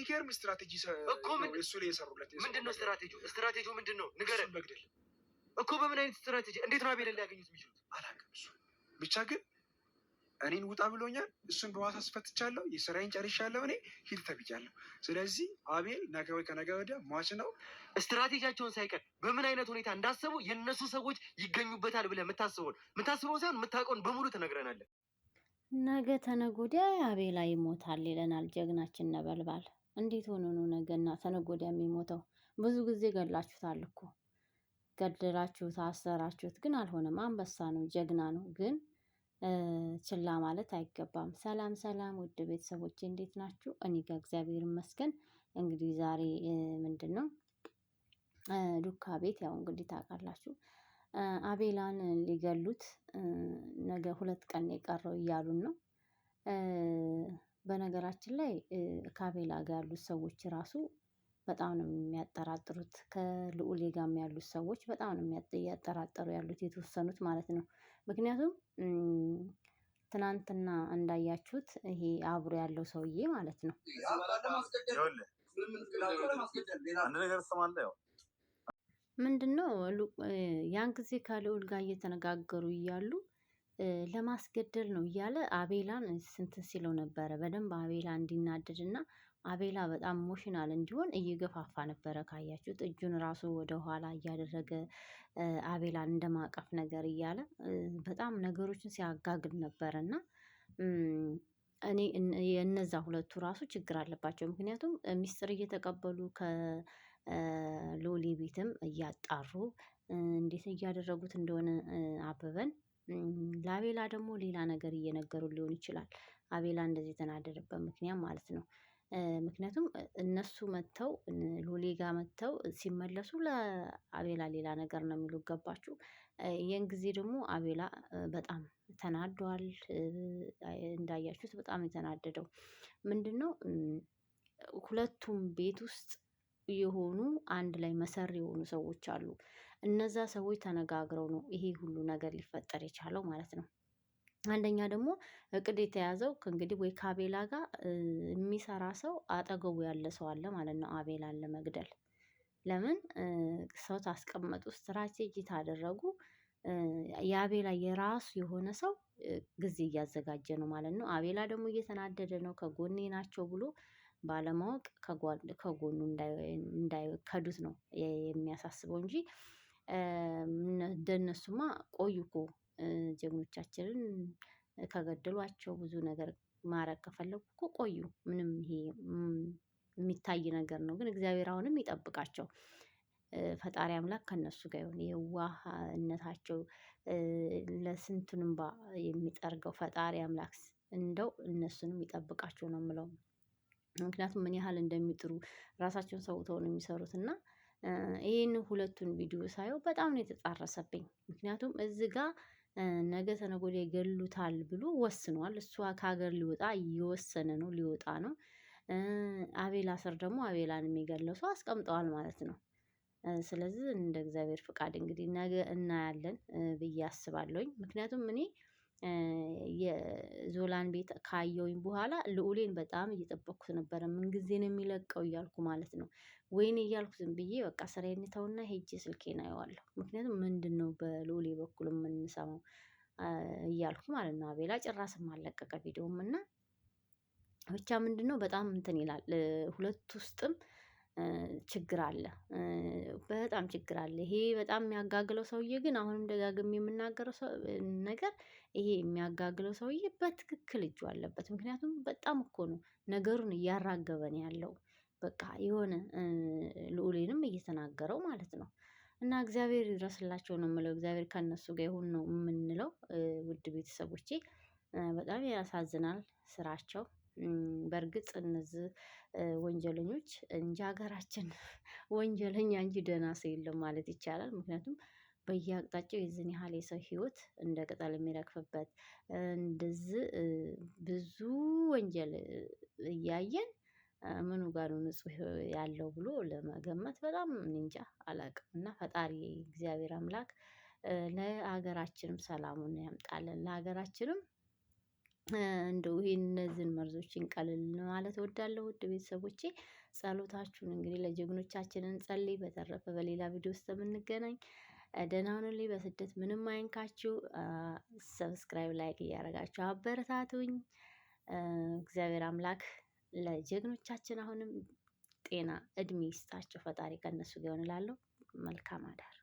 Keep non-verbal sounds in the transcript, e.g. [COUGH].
የሚገርም ስትራቴጂ እኮ እሱ ላይ የሰሩለት ምንድን ነው? ስትራቴጂ ስትራቴጂው ምንድን ነው ንገረን። መግደል እኮ በምን አይነት ስትራቴጂ እንዴት ነው አቤልን ሊያገኙት የሚችሉት? አላውቅም። እሱ ብቻ ግን እኔን ውጣ ብሎኛል። እሱን በዋሳ ስፈትቻለሁ የስራዬን ጨርሻለሁ። እኔ ሂድ ተብያለሁ። ስለዚህ አቤል ነገ ወይ ከነገ ሟች ነው። ስትራቴጂያቸውን ሳይቀር በምን አይነት ሁኔታ እንዳሰቡ የእነሱ ሰዎች ይገኙበታል ብለህ የምታስበውን የምታስበውን ሳይሆን የምታውቀውን በሙሉ ትነግረናለን። ነገ ተነጎዳ አቤላ ይሞታል ይለናል ጀግናችን ነበልባል። እንዴት ሆኖ ነው ነገና ተነጎዳ የሚሞተው? ብዙ ጊዜ ገላችሁታል እኮ ገድላችሁት፣ አሰራችሁት፣ ግን አልሆነም። አንበሳ ነው፣ ጀግና ነው፣ ግን ችላ ማለት አይገባም። ሰላም ሰላም፣ ውድ ቤተሰቦቼ እንዴት ናችሁ? እኔ ጋር እግዚአብሔር ይመስገን። እንግዲህ ዛሬ ምንድን ነው ዱካ ቤት ያው እንግዲህ ታውቃላችሁ አቤላን ሊገሉት ነገ ሁለት ቀን የቀረው እያሉን ነው። በነገራችን ላይ ካቤላ ጋር ያሉት ሰዎች ራሱ በጣም ነው የሚያጠራጥሩት ከልዑሌ ጋርም ያሉት ሰዎች በጣም ነው እያጠራጠሩ ያሉት የተወሰኑት ማለት ነው። ምክንያቱም ትናንትና እንዳያችሁት ይሄ አብሮ ያለው ሰውዬ ማለት ነው። ምንድን ነው ያን ጊዜ ከልዑል ጋር እየተነጋገሩ እያሉ ለማስገደል ነው እያለ አቤላን ስንትን ሲለው ነበረ። በደንብ አቤላ እንዲናደድ እና አቤላ በጣም ሞሽናል እንዲሆን እየገፋፋ ነበረ። ካያችሁት እጁን ራሱ ወደ ኋላ እያደረገ አቤላን እንደማቀፍ ነገር እያለ በጣም ነገሮችን ሲያጋግል ነበረ እና እኔ የእነዛ ሁለቱ ራሱ ችግር አለባቸው። ምክንያቱም ሚስጥር እየተቀበሉ ከሎሌ ቤትም እያጣሩ እንዴት እያደረጉት እንደሆነ አበበን ለአቤላ ደግሞ ሌላ ነገር እየነገሩ ሊሆን ይችላል። አቤላ እንደዚህ የተናደደበት ምክንያት ማለት ነው። ምክንያቱም እነሱ መጥተው ሎሌ ጋር መጥተው ሲመለሱ ለአቤላ ሌላ ነገር ነው የሚሉ ገባችሁ። ይህን ጊዜ ደግሞ አቤላ በጣም ተናዷል። እንዳያችሁት በጣም የተናደደው ምንድን ነው? ሁለቱም ቤት ውስጥ የሆኑ አንድ ላይ መሰሪ የሆኑ ሰዎች አሉ እነዛ ሰዎች ተነጋግረው ነው ይሄ ሁሉ ነገር ሊፈጠር የቻለው ማለት ነው። አንደኛ ደግሞ እቅድ የተያዘው ከእንግዲህ ወይ ከአቤላ ጋር የሚሰራ ሰው አጠገቡ ያለ ሰው አለ ማለት ነው። አቤላን ለመግደል ለምን ሰው ታስቀመጡ፣ ስትራቴጂ ታደረጉ። የአቤላ የራሱ የሆነ ሰው ጊዜ እያዘጋጀ ነው ማለት ነው። አቤላ ደግሞ እየተናደደ ነው። ከጎኔ ናቸው ብሎ ባለማወቅ ከጎኑ እንዳይከዱት ነው የሚያሳስበው እንጂ እንደነሱማ ቆዩ እኮ ጀግኖቻችንን ከገደሏቸው ብዙ ነገር ማድረግ ከፈለጉ እኮ ቆዩ። ምንም ይሄ የሚታይ ነገር ነው። ግን እግዚአብሔር አሁንም ይጠብቃቸው። ፈጣሪ አምላክ ከእነሱ ጋር ይሁን። የዋህነታቸው ለስንቱን እንባ የሚጠርገው ፈጣሪ አምላክ እንደው እነሱንም ይጠብቃቸው ነው የምለው። ምክንያቱም ምን ያህል እንደሚጥሩ ራሳቸውን ሰውተው ነው የሚሰሩት እና ይህን ሁለቱን ቪዲዮ ሳየው በጣም ነው የተጻረሰብኝ። ምክንያቱም እዚህ ጋ ነገ ተነገ ወዲያ ይገሉታል ብሎ ወስኗል። እሷ ከሀገር ሊወጣ እየወሰነ ነው፣ ሊወጣ ነው። አቤላ ስር ደግሞ አቤላን የሚገለው ሰው አስቀምጠዋል ማለት ነው። ስለዚህ እንደ እግዚአብሔር ፍቃድ እንግዲህ ነገ እናያለን ብዬ አስባለሁኝ። ምክንያቱም እኔ የዞላን ቤት ካየውኝ በኋላ ልዑሌን በጣም እየጠበቅኩት ነበረ። ምንጊዜን የሚለቀው እያልኩ ማለት ነው። ወይኔ እያልኩ ዝም ብዬ በቃ ስራ ተውና ሄጄ ስልኬን አየዋለሁ። ምክንያቱም ምንድን ነው በልዑሌ በኩል የምንሰማው እያልኩ ማለት ነው። አቤላ ጭራስም አለቀቀ ቪዲዮም እና ብቻ ምንድን ነው በጣም እንትን ይላል ሁለት ውስጥም ችግር አለ። በጣም ችግር አለ ይሄ በጣም የሚያጋግለው ሰውዬ ግን አሁንም ደጋግሜ የምናገረው ነገር ይሄ የሚያጋግለው ሰውዬ በትክክል እጁ አለበት ምክንያቱም በጣም እኮ ነው ነገሩን እያራገበን ያለው። በቃ የሆነ ልዑሌንም እየተናገረው ማለት ነው። እና እግዚአብሔር ይድረስላቸው ነው የምለው እግዚአብሔር ከእነሱ ጋር ይሁን ነው የምንለው። ውድ ቤተሰቦቼ በጣም ያሳዝናል ስራቸው በእርግጥ እነዚህ ወንጀለኞች እንጂ ሀገራችን [LAUGHS] ወንጀለኛ እንጂ ደህና ሰው የለም ማለት ይቻላል። ምክንያቱም በየአቅጣጫው የዚህን ያህል የሰው ህይወት እንደ ቅጠል የሚረግፍበት እንደዚህ ብዙ ወንጀል እያየን ምኑ ጋር ነው ንጹህ ያለው ብሎ ለመገመት በጣም እኔ እንጃ እና ፈጣሪ እግዚአብሔር አምላክ ለሀገራችንም ሰላሙን ያምጣለን ለሀገራችንም እንደው ይሄን እነዚህን መርዞችን ቀልል ማለት እወዳለሁ። ውድ ቤተሰቦቼ ጸሎታችሁን እንግዲህ ለጀግኖቻችን እንጸልይ። በተረፈ በሌላ ቪዲዮ ውስጥ የምንገናኝ ደህና ሁኑልኝ። በስደት ምንም አይንካችሁ። ሰብስክራይብ፣ ላይክ እያደረጋችሁ አበረታቱኝ። እግዚአብሔር አምላክ ለጀግኖቻችን አሁንም ጤና፣ እድሜ ይስጣቸው። ፈጣሪ ከእነሱ ጋር ይሆንላለሁ። መልካም አዳር